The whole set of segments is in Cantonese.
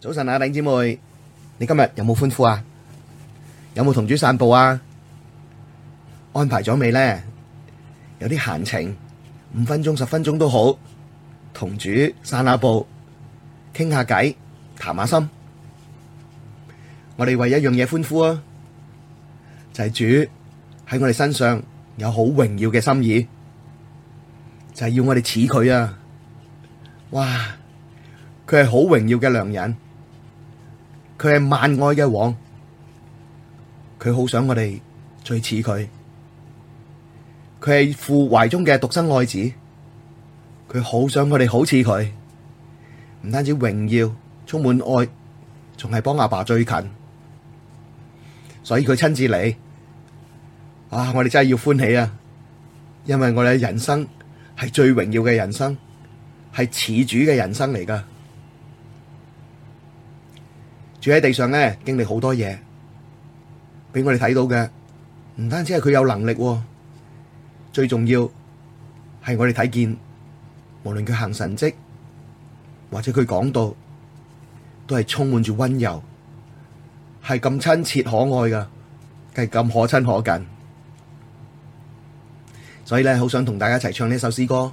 早晨啊，頂姊妹，你今日有冇歡呼啊？有冇同主散步啊？安排咗未呢？有啲閒情，五分鐘、十分鐘都好，同主散下步，傾下偈，談下心。我哋為一樣嘢歡呼啊！就係主喺我哋身上有好榮耀嘅心意，就係要我哋似佢啊！哇，佢係好榮耀嘅良人。佢係萬愛嘅王，佢好想我哋最似佢。佢係父懷中嘅獨生愛子，佢好想我哋好似佢。唔單止榮耀，充滿愛，仲係幫阿爸最近，所以佢親自嚟。啊！我哋真係要歡喜啊！因為我哋嘅人生係最榮耀嘅人生，係似主嘅人生嚟噶。住喺地上咧，經歷好多嘢，俾我哋睇到嘅，唔單止係佢有能力，最重要係我哋睇見，無論佢行神蹟或者佢講道，都係充滿住温柔，係咁親切可愛噶，係咁可親可近。所以咧，好想同大家一齊唱呢首詩歌，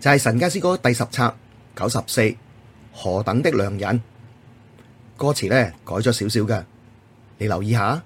就係、是《神家詩歌》第十冊九十四何等的良人。歌詞呢，改咗少少嘅，你留意下。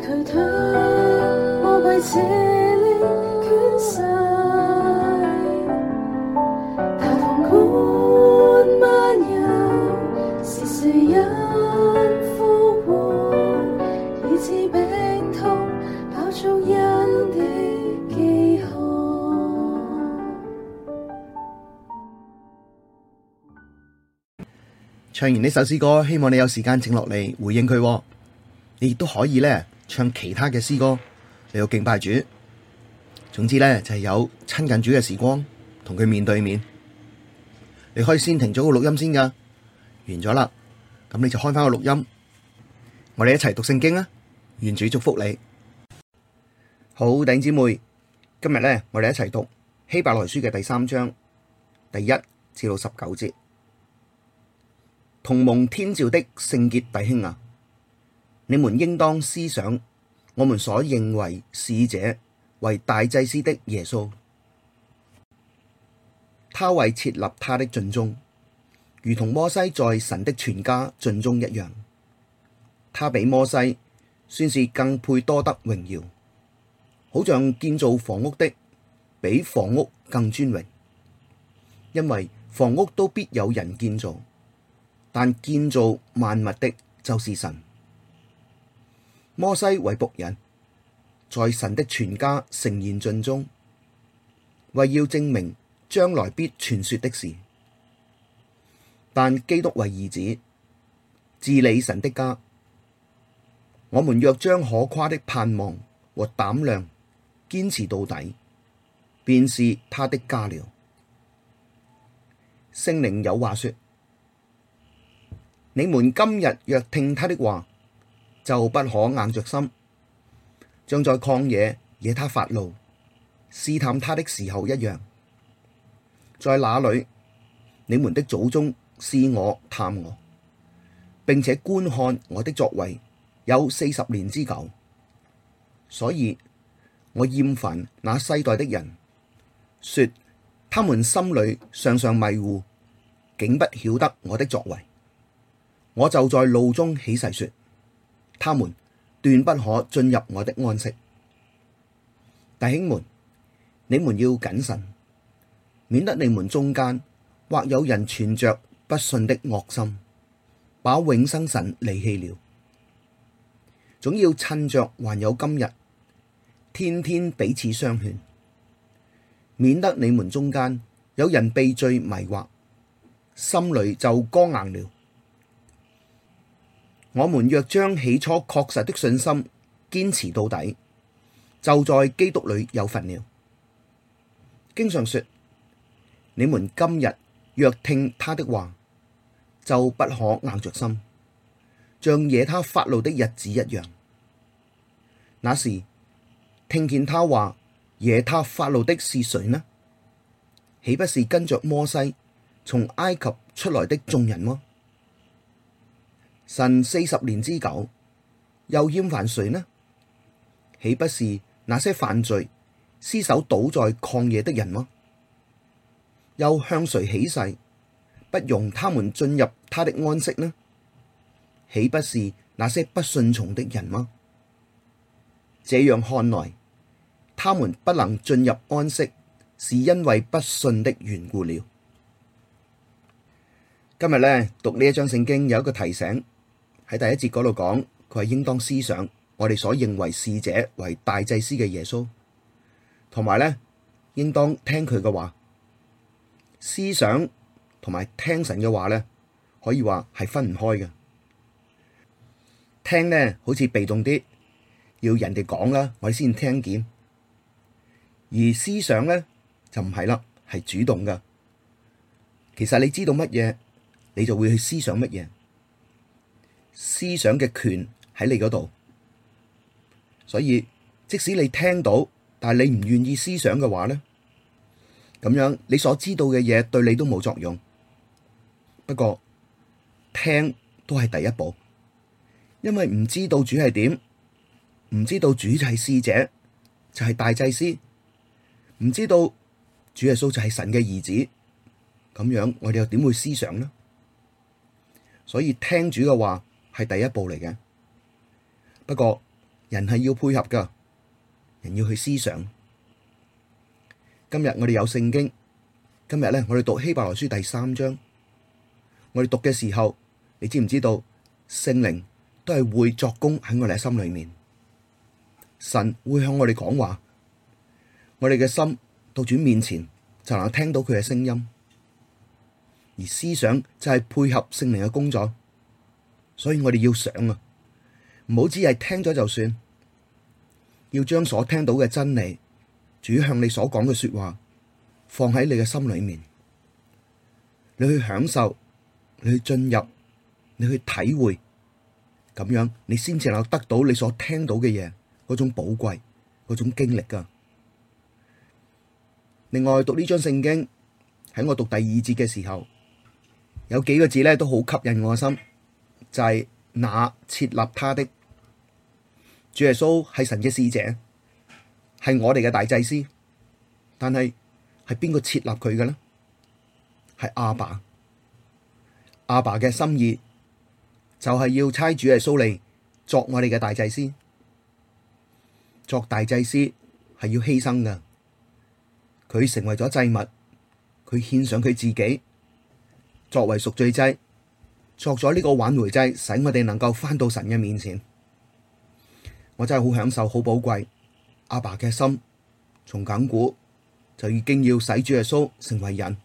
我為斜力卷逝，大風管漫遊，是誰因枯黃，以痛，飽足人的飢渴。唱完呢首詩歌，希望你有時間靜落嚟回應佢喎，你亦都可以咧。唱其他嘅詩歌，你要敬拜主。總之咧，就係有親近主嘅時光，同佢面對面。你可以先停咗個錄音先噶，完咗啦，咁你就開翻個錄音。我哋一齊讀聖經啊！願主祝福你。好，弟兄姊妹，今日咧，我哋一齊讀希伯來書嘅第三章第一至到十九節，同蒙天召的聖潔弟兄啊！你們應當思想，我們所認為使者、為大祭司的耶穌，他為設立他的盡忠，如同摩西在神的全家盡忠一樣。他比摩西算是更配多得榮耀，好像建造房屋的比房屋更尊榮，因為房屋都必有人建造，但建造萬物的就是神。摩西為僕人，在神的全家誠然盡忠，為要證明將來必傳說的事；但基督為兒子，治理神的家。我們若將可誇的盼望和膽量堅持到底，便是他的家了。聖靈有話說：你們今日若聽他的話，就不可硬着心，像在曠野惹他發怒、試探他的時候一樣，在那裡你們的祖宗試我、探我，並且觀看我的作為，有四十年之久。所以我厭煩那世代的人，說他們心裡常常迷糊，竟不曉得我的作為。我就在怒中起誓說。他們斷不可進入我的安息。弟兄們，你們要謹慎，免得你們中間或有人存着不信的惡心，把永生神離棄了。總要趁着還有今日，天天彼此相勸，免得你們中間有人被罪迷惑，心裡就剛硬了。我們若將起初確實的信心堅持到底，就在基督裡有份了。經上說，你們今日若聽他的話，就不可硬着心，像惹他發怒的日子一樣。那時聽見他話，惹他發怒的是誰呢？豈不是跟着摩西從埃及出來的眾人嗎？神四十年之久，又厭煩誰呢？豈不是那些犯罪、屍首倒在曠野的人嗎？又向誰起誓，不容他們進入他的安息呢？豈不是那些不信從的人嗎？這樣看來，他們不能進入安息，是因為不信的緣故了。今日呢，讀呢一章聖經有一個提醒。喺第一節嗰度講，佢係應當思想我哋所認為使者為大祭司嘅耶穌，同埋咧應當聽佢嘅話。思想同埋聽神嘅話咧，可以話係分唔開嘅。聽咧好似被動啲，要人哋講啦，我哋先聽見。而思想咧就唔係啦，係主動嘅。其實你知道乜嘢，你就會去思想乜嘢。思想嘅權喺你嗰度，所以即使你聽到，但係你唔願意思想嘅話咧，咁樣你所知道嘅嘢對你都冇作用。不過聽都係第一步，因為唔知道主係點，唔知道主就係使者，就係、是、大祭司，唔知道主耶穌就係神嘅兒子，咁樣我哋又點會思想呢？所以聽主嘅話。係第一步嚟嘅，不過人係要配合噶人要去思想。今日我哋有聖經，今日咧我哋讀希伯來書第三章，我哋讀嘅時候，你知唔知道聖靈都係會作工喺我哋嘅心裏面，神會向我哋講話，我哋嘅心到主面前就能聽到佢嘅聲音，而思想就係配合聖靈嘅工作。所以我哋要想啊，唔好只係聽咗就算，要將所聽到嘅真理，主向你所講嘅說話放喺你嘅心裏面，你去享受，你去進入，你去體會，咁樣你先至能夠得到你所聽到嘅嘢嗰種寶貴嗰種經歷噶。另外讀呢張聖經喺我讀第二節嘅時候，有幾個字咧都好吸引我嘅心。就係那設立他的主耶穌係神嘅使者，係我哋嘅大祭司，但係係邊個設立佢嘅呢？係阿爸，阿爸嘅心意就係要差主耶穌嚟作我哋嘅大祭司，作大祭司係要犧牲噶，佢成為咗祭物，佢獻上佢自己作為贖罪祭。作咗呢個挽回祭，使我哋能夠翻到神嘅面前。我真係好享受，好寶貴。阿爸嘅心從亙古就已經要使主耶穌成為人，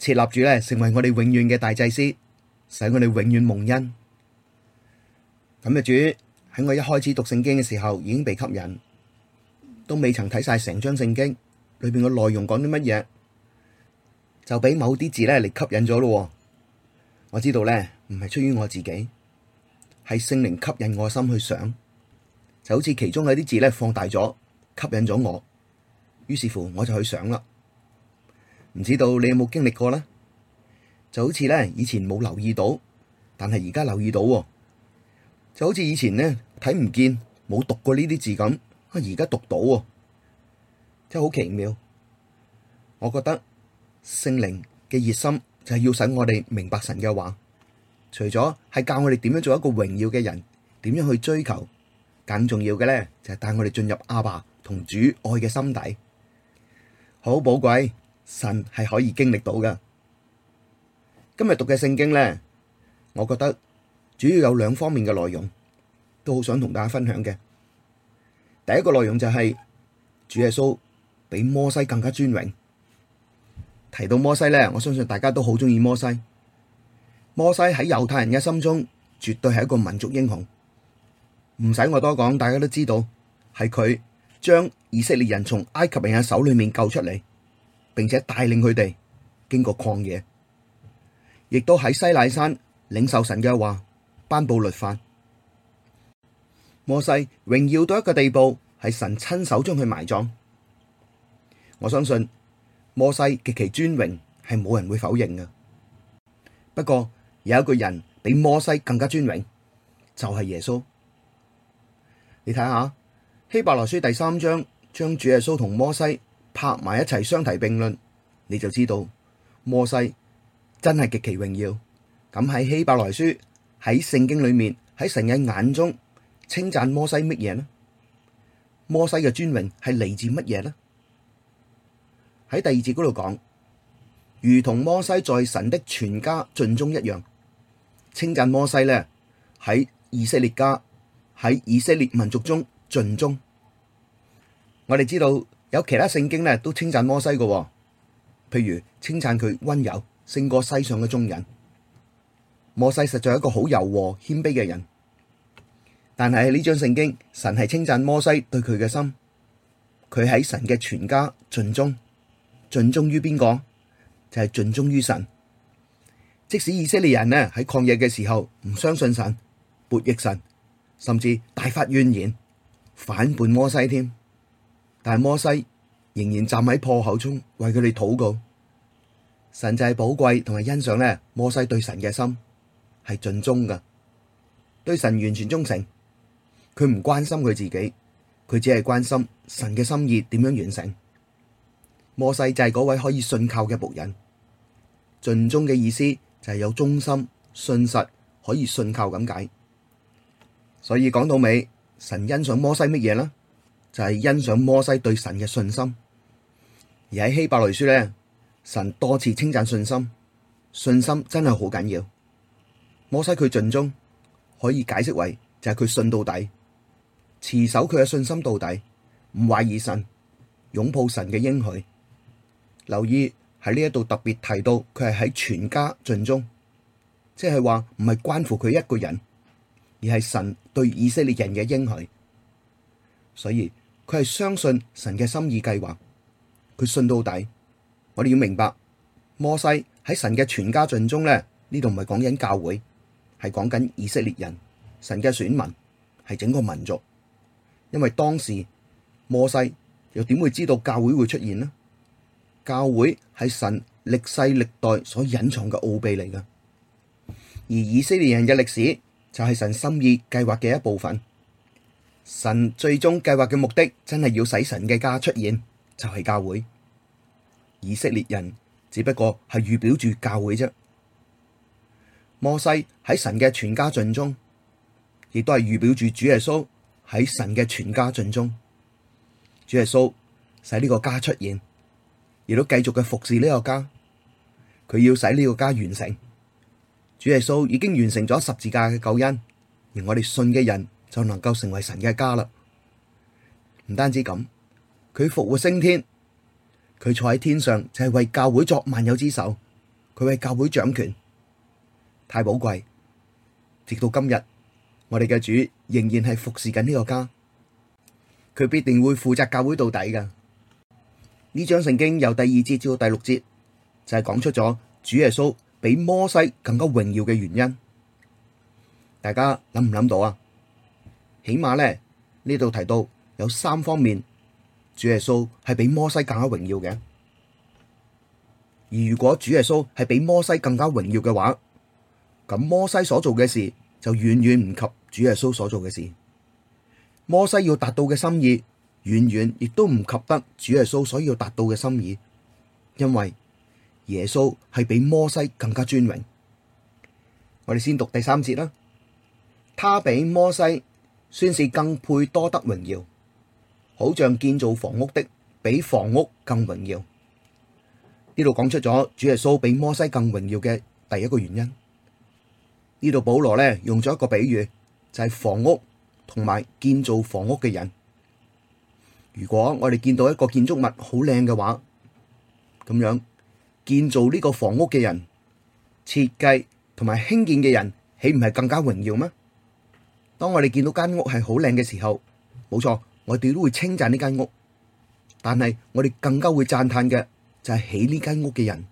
設立主咧成為我哋永遠嘅大祭司，使我哋永遠蒙恩。咁嘅主喺我一開始讀聖經嘅時候已經被吸引，都未曾睇晒成章聖經裏邊嘅內容講啲乜嘢，就俾某啲字咧嚟吸引咗咯。我知道咧，唔係出於我自己，係聖靈吸引我心去想，就好似其中嗰啲字咧放大咗，吸引咗我，於是乎我就去想啦。唔知道你有冇經歷過咧？就好似咧以前冇留意到，但係而家留意到喎，就好似以前咧睇唔見，冇讀過呢啲字咁，啊，而家讀到喎，真係好奇妙。我覺得聖靈嘅熱心。就係要使我哋明白神嘅話，除咗係教我哋點樣做一個榮耀嘅人，點樣去追求，更重要嘅咧，就係帶我哋進入阿爸同主愛嘅心底，好寶貴，神係可以經歷到噶。今日讀嘅聖經咧，我覺得主要有兩方面嘅內容，都好想同大家分享嘅。第一個內容就係主耶穌比摩西更加尊榮。提到摩西咧，我相信大家都好中意摩西。摩西喺猶太人嘅心中絕對係一個民族英雄，唔使我多講，大家都知道係佢將以色列人從埃及人嘅手裏面救出嚟，並且帶領佢哋經過曠野，亦都喺西奈山領受神嘅話頒布律法。摩西榮耀到一個地步，係神親手將佢埋葬。我相信。摩西極其尊榮，係冇人會否認㗎。不過有一個人比摩西更加尊榮，就係、是、耶穌。你睇下希伯來書第三章，將主耶穌同摩西拍埋一齊相提並論，你就知道摩西真係極其榮耀。咁喺希伯來書喺聖經裏面喺神人眼中稱讚摩西乜嘢呢？摩西嘅尊榮係嚟自乜嘢呢？喺第二節嗰度講，如同摩西在神的全家盡忠一樣，稱讚摩西呢，喺以色列家喺以色列民族中盡忠。我哋知道有其他聖經呢都稱讚摩西嘅、哦，譬如稱讚佢溫柔勝過世上嘅眾人。摩西實在係一個好柔和謙卑嘅人，但係呢張聖經，神係稱讚摩西對佢嘅心，佢喺神嘅全家盡忠。盡忠於邊個就係盡忠於神。即使以色列人呢喺曠野嘅時候唔相信神，叛逆神，甚至大發怨言，反叛摩西添，但係摩西仍然站喺破口中為佢哋禱告。神就係寶貴同埋欣賞呢摩西對神嘅心係盡忠噶，對神完全忠誠。佢唔關心佢自己，佢只係關心神嘅心意點樣完成。摩西就係嗰位可以信靠嘅僕人，盡忠嘅意思就係有忠心、信實可以信靠咁解。所以講到尾，神欣賞摩西乜嘢呢？就係欣賞摩西對神嘅信心。而喺希伯來書咧，神多次稱讚信心，信心真係好緊要。摩西佢盡忠，可以解釋為就係佢信到底，持守佢嘅信心到底，唔懷疑神，擁抱神嘅應許。留意喺呢一度特別提到佢係喺全家盡忠，即係話唔係關乎佢一個人，而係神對以色列人嘅應許。所以佢係相信神嘅心意計劃，佢信到底。我哋要明白摩西喺神嘅全家盡忠咧，呢度唔係講緊教會，係講緊以色列人，神嘅選民係整個民族。因為當時摩西又點會知道教會會出現呢？教會係神歷世歷代所隱藏嘅奧秘嚟㗎，而以色列人嘅歷史就係神心意計劃嘅一部分。神最終計劃嘅目的真係要使神嘅家出現，就係教會。以色列人只不過係預表住教會啫。摩西喺神嘅全家盡忠，亦都係預表住主耶穌喺神嘅全家盡忠。主耶穌使呢個家出現。亦都繼續嘅服侍呢個家，佢要使呢個家完成。主耶穌已經完成咗十字架嘅救恩，而我哋信嘅人就能夠成為神嘅家啦。唔單止咁，佢復活升天，佢坐喺天上就係為教會作萬有之首，佢為教會掌權，太寶貴。直到今日，我哋嘅主仍然係服侍緊呢個家，佢必定會負責教會到底噶。呢章聖經由第二節至到第六節，就係講出咗主耶穌比摩西更加榮耀嘅原因。大家諗唔諗到啊？起碼咧呢度提到有三方面，主耶穌係比摩西更加榮耀嘅。而如果主耶穌係比摩西更加榮耀嘅話，咁摩西所做嘅事就遠遠唔及主耶穌所做嘅事。摩西要達到嘅心意。遠遠亦都唔及得主耶穌所要達到嘅心意，因為耶穌係比摩西更加尊榮。我哋先讀第三節啦，他比摩西算是更配多得榮耀，好像建造房屋的比房屋更榮耀。呢度講出咗主耶穌比摩西更榮耀嘅第一個原因。呢度保羅咧用咗一個比喻，就係房屋同埋建造房屋嘅人。如果我哋見到一個建築物好靚嘅話，咁樣建造呢個房屋嘅人，設計同埋興建嘅人，豈唔係更加榮耀咩？當我哋見到間屋係好靚嘅時候，冇錯，我哋都會稱讚呢間屋。但係我哋更加會讚嘆嘅就係起呢間屋嘅人，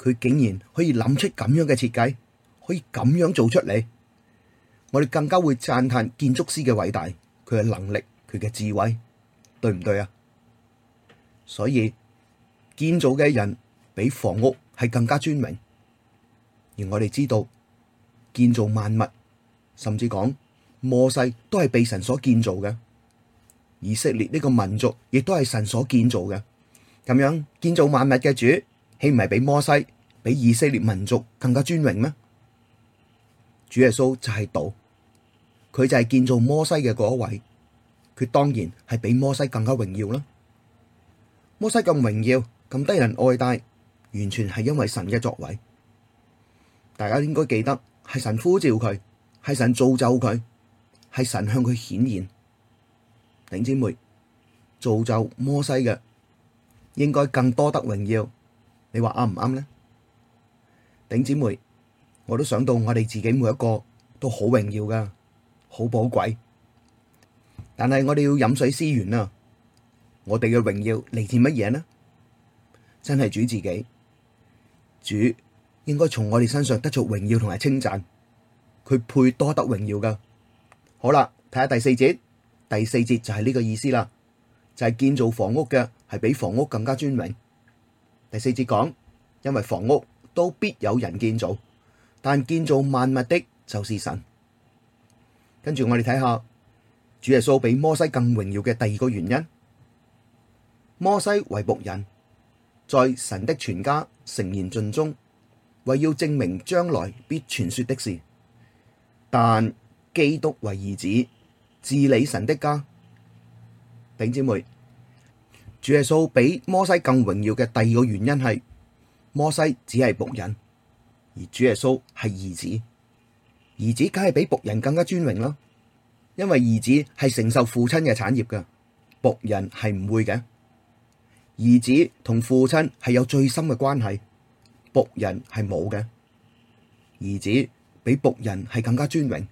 佢竟然可以諗出咁樣嘅設計，可以咁樣做出嚟，我哋更加會讚嘆建築師嘅偉大，佢嘅能力，佢嘅智慧。對唔對啊？所以建造嘅人比房屋係更加尊榮，而我哋知道建造萬物，甚至講摩西都係被神所建造嘅。以色列呢個民族亦都係神所建造嘅。咁樣建造萬物嘅主，豈唔係比摩西，比以色列民族更加尊榮咩？主耶穌就係道，佢就係建造摩西嘅嗰一位。佢當然係比摩西更加榮耀啦。摩西咁榮耀、咁得人愛戴，完全係因為神嘅作為。大家應該記得，係神呼召佢，係神造就佢，係神向佢顯現。頂姐妹，造就摩西嘅應該更多得榮耀，你話啱唔啱呢？頂姐妹，我都想到我哋自己每一個都好榮耀噶，好寶貴。但係我哋要飲水思源啊！我哋嘅榮耀嚟自乜嘢呢？真係主自己，主應該從我哋身上得到榮耀同埋稱讚，佢配多得榮耀噶。好啦，睇下第四節，第四節就係呢個意思啦，就係、是、建造房屋嘅係比房屋更加尊榮。第四節講，因為房屋都必有人建造，但建造萬物的就是神。跟住我哋睇下。主耶穌比摩西更榮耀嘅第二個原因，摩西為僕人，在神的全家誠然盡忠，為要證明將來必傳說的事；但基督為兒子，治理神的家。頂姐妹，主耶穌比摩西更榮耀嘅第二個原因係，摩西只係僕人，而主耶穌係兒子，兒子梗係比僕人更加尊榮啦。因為兒子係承受父親嘅產業嘅，僕人係唔會嘅。兒子同父親係有最深嘅關係，僕人係冇嘅。兒子比僕人係更加尊榮。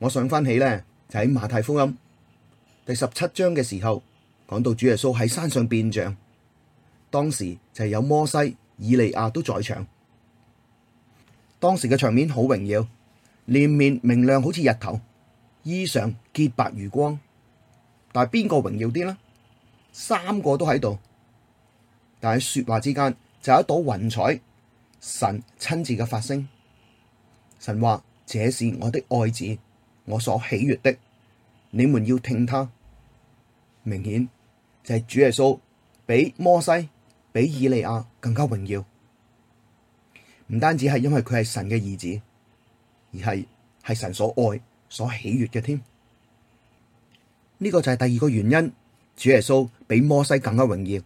我想返起咧，就喺、是、馬太福音第十七章嘅時候，講到主耶穌喺山上變像，當時就係有摩西、以利亞都在場。當時嘅場面好榮耀，臉面明亮，好似日頭。衣裳潔白如光，但係邊個榮耀啲呢？三個都喺度，但係説話之間就有一朵雲彩。神親自嘅發聲，神話，這是我的愛子，我所喜悅的，你們要聽他。明顯就係主耶穌比摩西比以利亞更加榮耀，唔單止係因為佢係神嘅兒子，而係係神所愛所喜悅嘅添，呢個就係第二個原因，主耶穌比摩西更加榮耀，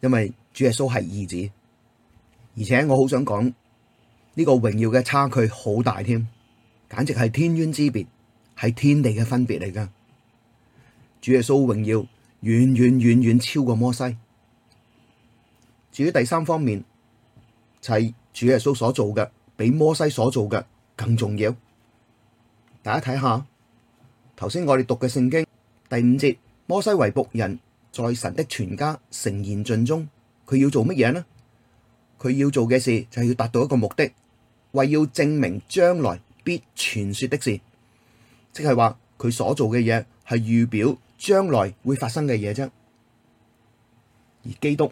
因為主耶穌係兒子，而且我好想講呢個榮耀嘅差距好大添，簡直係天淵之別，係天地嘅分別嚟㗎。主耶穌榮耀遠遠遠遠遠遠遠超過摩西。至於第三方面，就係主耶穌所做嘅比摩西所做嘅更重要。大家睇下，頭先我哋讀嘅聖經第五節，摩西為僕人，在神的全家誠然盡忠，佢要做乜嘢呢？佢要做嘅事就係要達到一個目的，為要證明將來必傳說的事，即係話佢所做嘅嘢係預表將來會發生嘅嘢啫。而基督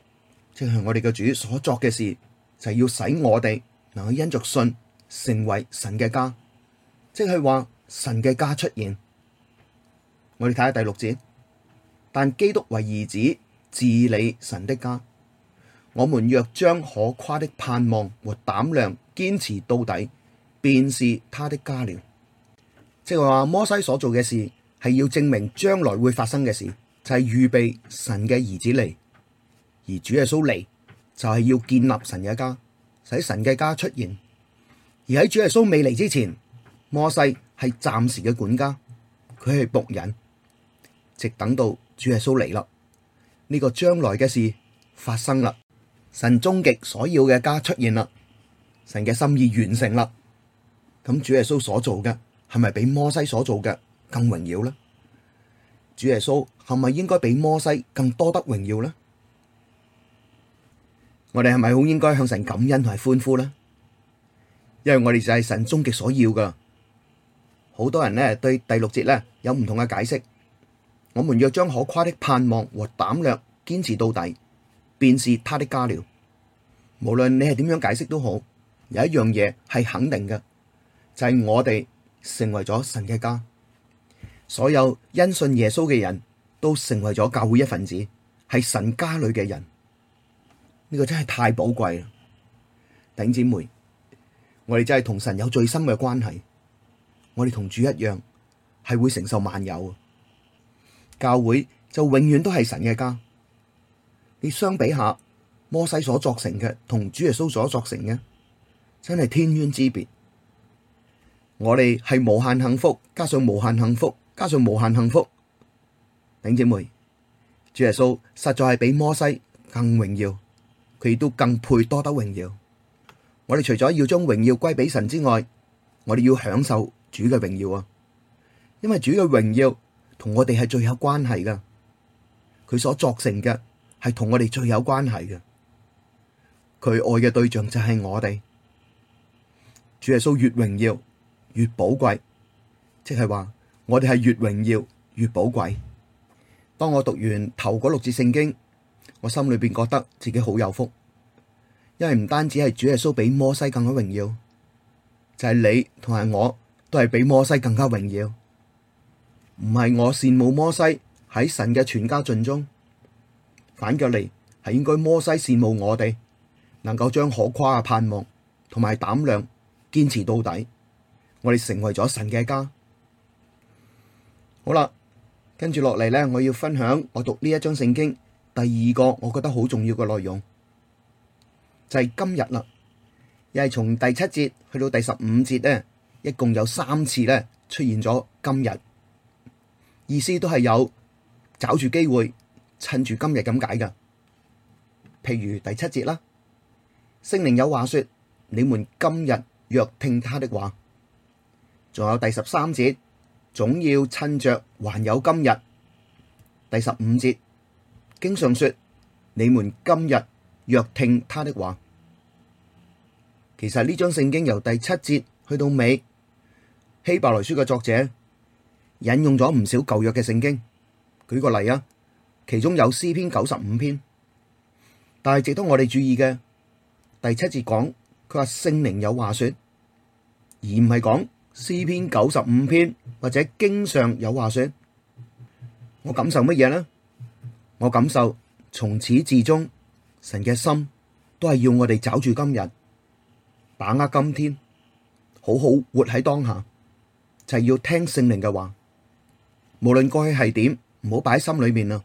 即係我哋嘅主所作嘅事，就係、是、要使我哋能夠因着信成為神嘅家，即係話。神嘅家出現，我哋睇下第六節。但基督為兒子，治理神的家，我們若將可誇的盼望和膽量堅持到底，便是他的家了。即係話摩西所做嘅事，係要證明將來會發生嘅事，就係預備神嘅兒子嚟。而主耶穌嚟就係要建立神嘅家，使神嘅家出現。而喺主耶穌未嚟之前，摩西，係暫時嘅管家，佢係僕人，直等到主耶穌嚟啦。呢個將來嘅事發生啦，神終極所要嘅家出現啦，神嘅心意完成啦。咁主耶穌所做嘅係咪比摩西所做嘅更榮耀咧？主耶穌係咪應該比摩西更多得榮耀咧？我哋係咪好應該向神感恩同埋歡呼咧？因為我哋就係神終極所要嘅。好多人呢對第六節呢有唔同嘅解釋。我們若將可誇的盼望和膽量堅持到底，便是他的家了。無論你係點樣解釋都好，有一樣嘢係肯定嘅，就係、是、我哋成為咗神嘅家。所有因信耶穌嘅人都成為咗教會一份子，係神家裏嘅人。呢、這個真係太寶貴啦，頂姊妹！我哋真係同神有最深嘅關係。我哋同主一樣係會承受萬有，教會就永遠都係神嘅家。你相比下，摩西所作成嘅同主耶穌所作成嘅，真係天淵之別。我哋係無限幸福，加上無限幸福，加上無限幸福。頂姐妹，主耶穌實在係比摩西更榮耀，佢亦都更配多得榮耀。我哋除咗要將榮耀歸俾神之外，我哋要享受主嘅榮耀啊，因為主嘅榮耀同我哋係最有關係噶，佢所作成嘅係同我哋最有關係噶，佢愛嘅對象就係我哋，主耶穌越榮耀越寶貴，即係話我哋係越榮耀越寶貴。當我讀完頭嗰六節聖經，我心裏邊覺得自己好有福，因為唔單止係主耶穌比摩西更加榮耀，就係、是、你同埋我。都係比摩西更加榮耀，唔係我羨慕摩西喺神嘅全家盡忠，反過嚟係應該摩西羨慕我哋能夠將可誇嘅盼望同埋膽量堅持到底，我哋成為咗神嘅家。好啦，跟住落嚟咧，我要分享我讀呢一章聖經第二個我覺得好重要嘅內容，就係、是、今日啦，又係從第七節去到第十五節咧。一共有三次咧出現咗今日，意思都係有找住機會，趁住今日咁解噶。譬如第七節啦，聖靈有話說：你們今日若聽他的話。仲有第十三節，總要趁著還有今日。第十五節，經上說：你們今日若聽他的話。其實呢章聖經由第七節去到尾。希伯來書嘅作者引用咗唔少舊約嘅聖經，舉個例啊，其中有詩篇九十五篇，但係值得我哋注意嘅第七節講，佢話聖靈有話說，而唔係講詩篇九十五篇或者經上有話說。我感受乜嘢呢？我感受從始至終神嘅心都係要我哋抓住今日，把握今天，好好活喺當下。就係要聽聖靈嘅話，無論過去係點，唔好擺喺心裏面啊。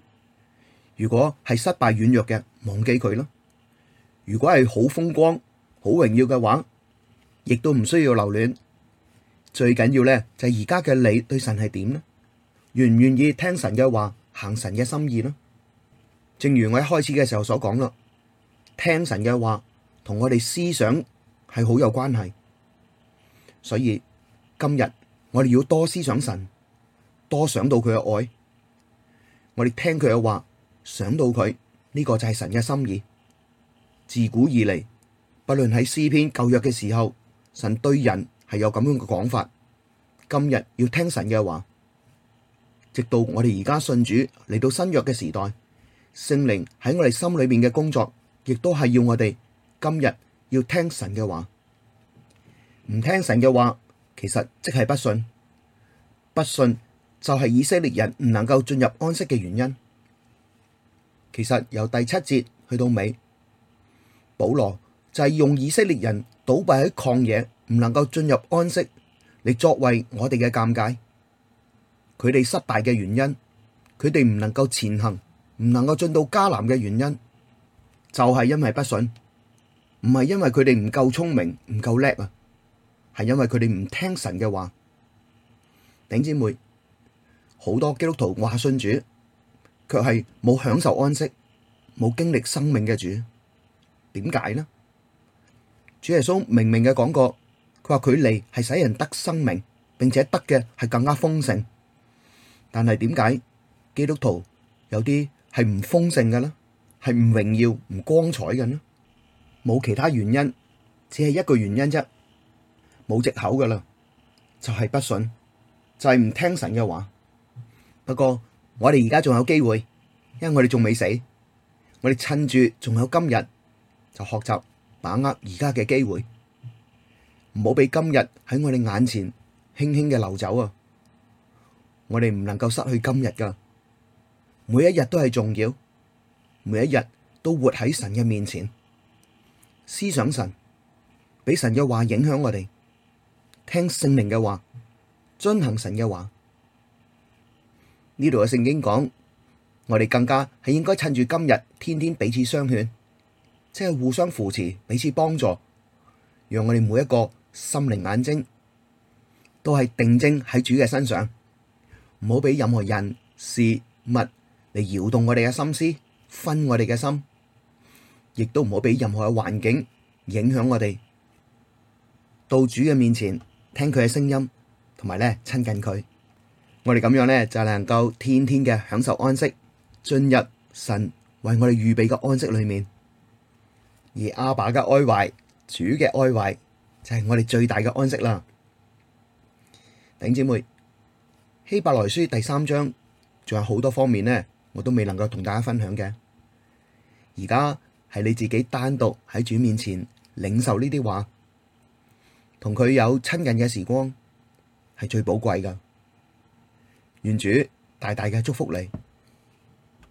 如果係失敗軟弱嘅，忘記佢咯；如果係好風光、好榮耀嘅話，亦都唔需要留戀。最緊要咧就係而家嘅你對神係點咧？願唔願意聽神嘅話，行神嘅心意呢？正如我一開始嘅時候所講啦，聽神嘅話同我哋思想係好有關係，所以今日。我哋要多思想神，多想到佢嘅愛，我哋聽佢嘅話，想到佢，呢個就係神嘅心意。自古以嚟，不論喺詩篇舊約嘅時候，神對人係有咁樣嘅講法。今日要聽神嘅話，直到我哋而家信主嚟到新約嘅時代，聖靈喺我哋心裏面嘅工作，亦都係要我哋今日要聽神嘅話，唔聽神嘅話。其實即係不信，不信就係以色列人唔能夠進入安息嘅原因。其實由第七節去到尾，保羅就係用以色列人倒斃喺曠野，唔能夠進入安息，嚟作為我哋嘅尷尬。佢哋失敗嘅原因，佢哋唔能夠前行，唔能夠進到迦南嘅原因，就係因為不信，唔係因為佢哋唔夠聰明，唔夠叻啊！係因為佢哋唔聽神嘅話，頂姊妹，好多基督徒話信主，卻係冇享受安息，冇經歷生命嘅主，點解呢？主耶穌明明嘅講過，佢話佢嚟係使人得生命，並且得嘅係更加豐盛。但係點解基督徒有啲係唔豐盛嘅呢？係唔榮耀、唔光彩嘅呢？冇其他原因，只係一個原因啫。冇借口噶啦，就係不信，就係唔聽神嘅話。不過我哋而家仲有機會，因為我哋仲未死，我哋趁住仲有今日就學習把握而家嘅機會，唔好俾今日喺我哋眼前輕輕嘅流走啊！我哋唔能夠失去今日噶，每一日都係重要，每一日都活喺神嘅面前，思想神，俾神嘅話影響我哋。聽聖靈嘅話，遵行神嘅話。呢度嘅聖經講，我哋更加係應該趁住今日，天天彼此相勸，即係互相扶持，彼此幫助，讓我哋每一個心靈眼睛都係定睛喺主嘅身上，唔好俾任何人事物嚟搖動我哋嘅心思，分我哋嘅心，亦都唔好俾任何嘅環境影響我哋。到主嘅面前。聽佢嘅聲音，同埋咧親近佢，我哋咁樣咧就能夠天天嘅享受安息，進入神為我哋預備嘅安息裏面。而阿爸嘅哀懷，主嘅哀懷，就係、是、我哋最大嘅安息啦。弟兄姐妹，希伯來書第三章仲有好多方面咧，我都未能夠同大家分享嘅。而家係你自己單獨喺主面前領受呢啲話。同佢有親近嘅時光係最寶貴㗎，願主大大嘅祝福你。